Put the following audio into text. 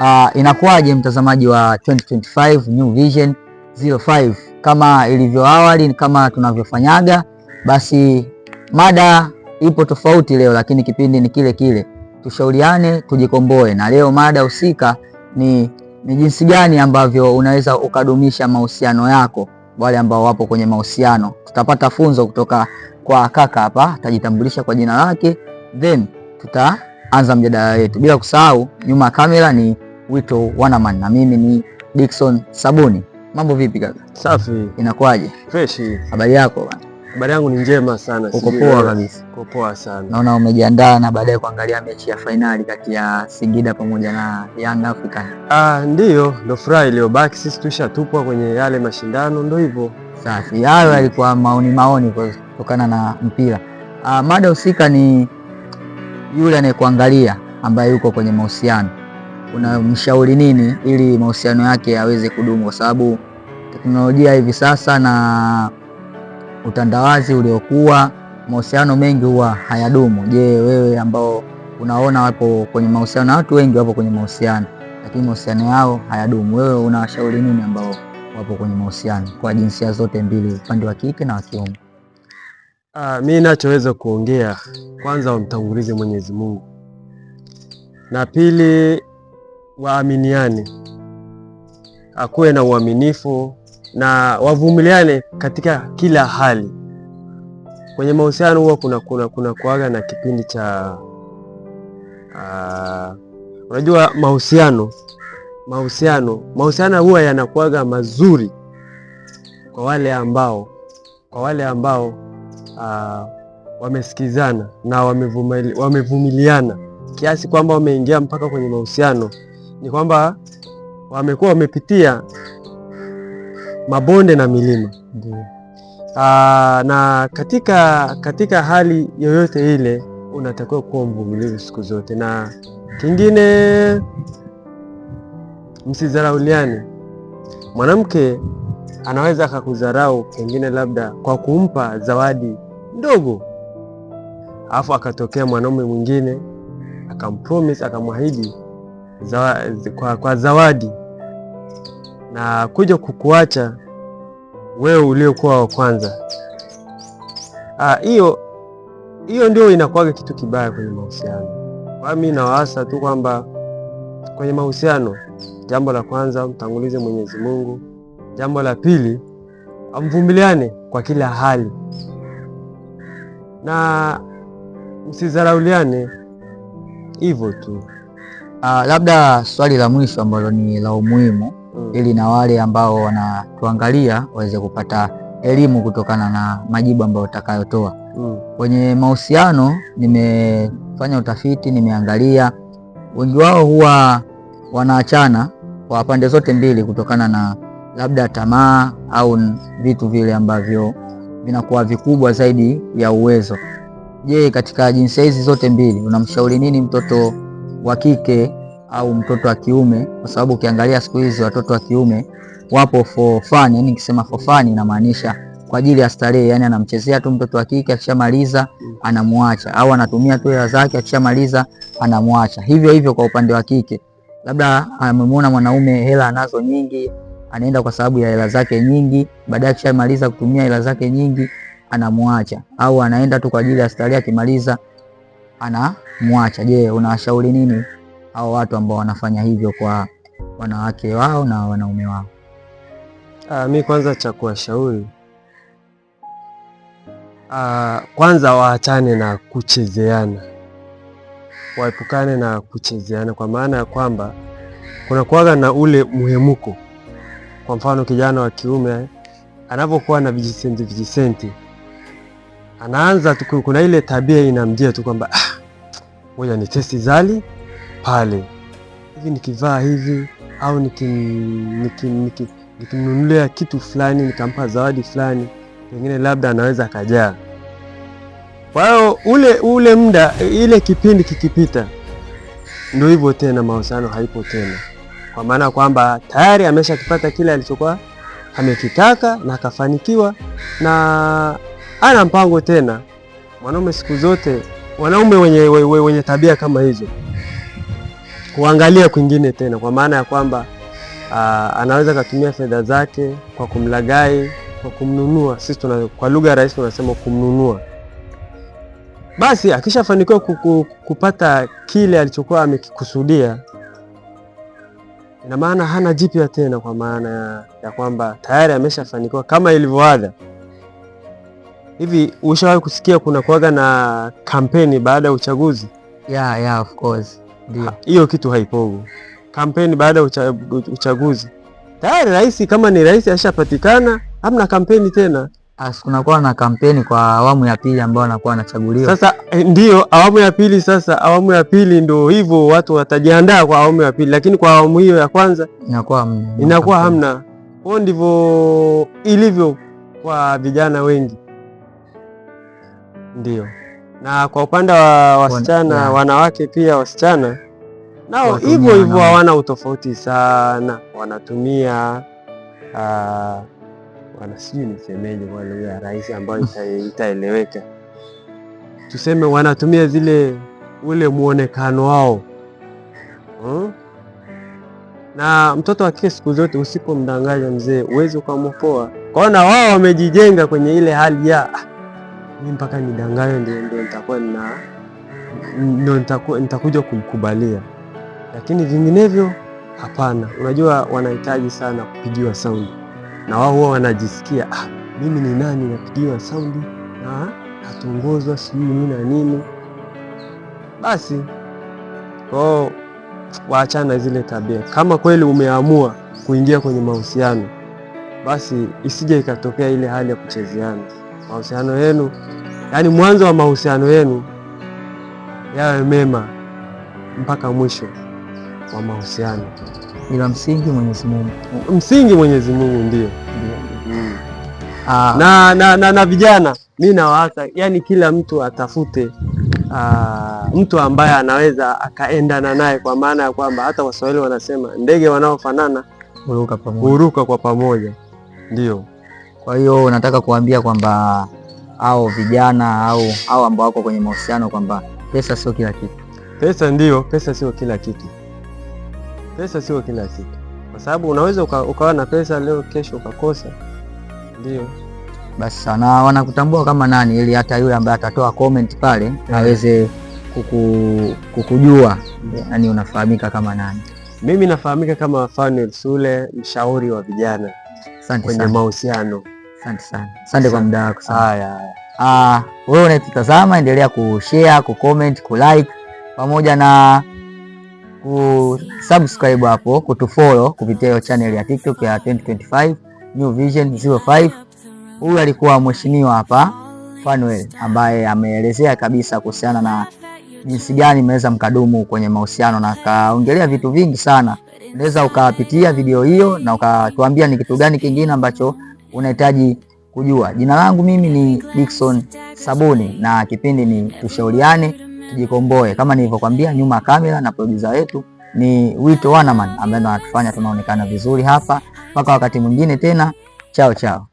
Uh, inakuwaje mtazamaji wa 2025 New Vision 05? Kama ilivyo awali, kama tunavyofanyaga, basi mada ipo tofauti leo, lakini kipindi ni kile kile, tushauriane, tujikomboe. Na leo mada husika ni ni jinsi gani ambavyo unaweza ukadumisha mahusiano yako. Wale ambao wapo kwenye mahusiano, tutapata funzo kutoka kwa kaka hapa, atajitambulisha kwa jina lake, then tutaanza mjadala wetu, bila kusahau nyuma ya kamera ni Wito Wanaman na mimi ni Dickson Sabuni. Mambo vipi kaka? Safi. Inakuwaje? Freshi. Habari yako bana? Habari yangu ni njema sana. Uko poa kabisa? Uko poa sana. Naona umejiandaa na baadaye kuangalia mechi ya fainali kati ya Singida pamoja na Young Africa. Ah, ndiyo, ndo furaha iliyobaki. Sisi tushatupwa kwenye yale mashindano, ndo hivyo. Safi. Hayo yalikuwa maoni maoni kutokana na mpira. Ah, mada husika ni yule anayekuangalia ambaye yuko kwenye mahusiano unamshauri nini ili mahusiano yake yaweze kudumu, kwa sababu teknolojia hivi sasa na utandawazi uliokuwa, mahusiano mengi huwa hayadumu. Je, wewe ambao unaona wapo kwenye mahusiano na watu wengi wapo kwenye mahusiano lakini mahusiano yao hayadumu, wewe unawashauri nini ambao wapo kwenye mahusiano kwa jinsia zote mbili, upande wa kike na wa kiume? Ah, mi nachoweza kuongea kwanza, wamtangulize Mwenyezi Mungu, na pili waaminiane, akuwe na uaminifu na wavumiliane katika kila hali. Kwenye mahusiano huwa kuna, kuna, kuna kuaga na kipindi cha uh, unajua mahusiano mahusiano mahusiano huwa yanakuaga mazuri kwa wale ambao kwa wale ambao uh, wamesikizana na wamevumiliana kiasi kwamba wameingia mpaka kwenye mahusiano ni kwamba wamekuwa wamepitia mabonde na milima aa, na katika, katika hali yoyote ile unatakiwa kuwa mvumilivu siku zote, na kingine msidharauliane. Mwanamke anaweza akakudharau pengine labda kwa kumpa zawadi ndogo, alafu akatokea mwanaume mwingine akampromise akamwahidi zawa, kwa, kwa zawadi na kuja kukuacha wewe uliokuwa wa kwanza. Ah, hiyo hiyo ndio inakuwaga kitu kibaya kwenye mahusiano. Kwa mimi nawaasa tu kwamba kwenye mahusiano, jambo la kwanza mtangulize Mwenyezi Mungu, jambo la pili amvumiliane kwa kila hali na msizarauliane, hivyo tu. Uh, labda swali la mwisho ambalo ni la umuhimu mm, ili na wale ambao wanatuangalia waweze kupata elimu kutokana na majibu ambayo utakayotoa mm. Kwenye mahusiano nimefanya utafiti, nimeangalia wengi wao huwa wanaachana kwa pande zote mbili kutokana na labda tamaa au vitu vile ambavyo vinakuwa vikubwa zaidi ya uwezo. Je, katika jinsia hizi zote mbili unamshauri nini mtoto wa kike au mtoto wa kiume, kwa sababu ukiangalia siku hizi watoto wa kiume wapo for fun. Yani nikisema for fun inamaanisha kwa ajili ya starehe, yani anamchezea tu mtoto wa kike, akishamaliza anamwacha, au anatumia tu hela zake, akishamaliza anamwacha. Hivyo hivyo kwa upande wa kike, labda amemwona mwanaume hela anazo nyingi, anaenda kwa sababu ya hela zake nyingi, baadaye akishamaliza kutumia hela zake nyingi anamwacha, au anaenda tu kwa ajili ya starehe, akimaliza anamwacha. Je, unawashauri nini hao watu ambao wanafanya hivyo kwa wanawake wao na wanaume wao? Ah, mi kwanza cha kuwashauri ah, kwanza waachane na kuchezeana, waepukane na kuchezeana, kwa maana ya kwamba kuna kuwaga na ule muhemuko. Kwa mfano kijana wa kiume anapokuwa na vijisenti vijisenti, anaanza tu, kuna ile tabia inamjia tu kwamba ah, ngoja ni testi zali pale hivi, nikivaa hivi au nikimnunulia kitu fulani nikampa zawadi fulani, pengine labda anaweza akajaa. Kwa hiyo ule ule muda, ile kipindi kikipita, ndio hivyo tena, mahusiano haipo tena, kwa maana kwamba tayari ameshakipata kile alichokuwa amekitaka na akafanikiwa, na ana mpango tena. Mwanaume siku zote wanaume wenye, wenye, wenye tabia kama hizo kuangalia kwingine tena, kwa maana ya kwamba uh, anaweza akatumia fedha zake kwa kumlagai, kwa kumnunua. Sisi tuna kwa lugha rahisi tunasema kumnunua. Basi akishafanikiwa kupata kile alichokuwa amekikusudia, ina maana hana jipya tena, kwa maana ya kwamba tayari ameshafanikiwa kama ilivyoada. Hivi ushawahi kusikia kuna kuaga na kampeni baada ya uchaguzi? Yeah, yeah, of course. Ndio. Hiyo kitu haipogo. Kampeni baada ya ucha, uchaguzi tayari rais kama ni rais ashapatikana, hamna kampeni tena. Kunakuwa na kampeni kwa awamu ya pili ambao wanakuwa wanachaguliwa. Sasa eh, ndio awamu ya pili. Sasa awamu ya pili ndio hivyo, watu watajiandaa kwa awamu ya pili, lakini kwa awamu hiyo ya kwanza inakuwa, inakuwa hamna. Kwa ndivyo ilivyo kwa vijana wengi. Ndio. Na kwa upande wa wasichana Wan, wanawake pia wasichana nao hivyo hivyo hawana utofauti sana, wanatumia uh, wana sijui nisemeje kwa lugha ya rahisi ambayo itaeleweka, tuseme wanatumia zile ule muonekano wao hmm? na mtoto wa kike siku zote usipomdanganya mzee uwezi ukamwokoa. Kwaona wao wamejijenga kwenye ile hali ya ah, mi mpaka nidanganye ndio ndio nitakuwa na ndio nitakuja kumkubalia, lakini vinginevyo hapana. Unajua wanahitaji sana kupigiwa saundi, na wao huwa wanajisikia ah, mimi ni nani napigiwa saundi na natongozwa sijui mimi na nini. Basi kwao waachana zile tabia. Kama kweli umeamua kuingia kwenye mahusiano, basi isije ikatokea ile hali ya kuchezeana mahusiano yenu, yaani mwanzo wa mahusiano yenu yawe mema mpaka mwisho wa mahusiano. Ila msingi Mwenyezi Mungu, msingi Mwenyezi Mungu ndio mm. ah, na, na, na, na vijana mi nawaasa, yani kila mtu atafute aa, ah, mtu ambaye anaweza akaendana naye, kwa maana ya kwamba hata Waswahili wanasema ndege wanaofanana huruka kwa pamoja, ndio. Kwa hiyo nataka kuambia kwamba au vijana au au ambao wako kwenye mahusiano kwamba pesa sio kila kitu. Pesa ndiyo, pesa sio kila kitu, pesa sio kila kitu, kwa sababu unaweza uka, ukawa na pesa leo, kesho ukakosa. Ndio basi sana wanakutambua kama nani, ili hata yule ambaye atatoa comment pale yeah, mm. aweze kuku, kukujua yeah, mm. nani unafahamika kama nani. Mimi nafahamika kama Fanuel Sule, mshauri wa vijana kwenye mahusiano. Asante sana, asante kwa muda wako Haya, ah, wewe unatutazama, endelea kushare, kucomment, kulike pamoja na kusubscribe hapo, kutufollow kupitia hiyo channel ya TikTok ya 2025 New Vision 05. Huyu alikuwa mheshimiwa hapa Fanuel ambaye ameelezea kabisa kuhusiana na jinsi gani mmeweza mkadumu kwenye mahusiano na kaongelea vitu vingi sana. Unaweza ukapitia video hiyo na ukatuambia ni kitu gani kingine ambacho unahitaji kujua. Jina langu mimi ni Dickson Sabuni na kipindi ni Tushauriane Tujikomboe. Kama nilivyokwambia, nyuma ya kamera na producer wetu ni Wito Wanaman ambaye ndo anatufanya tunaonekana vizuri hapa. Mpaka wakati mwingine tena, chao chao.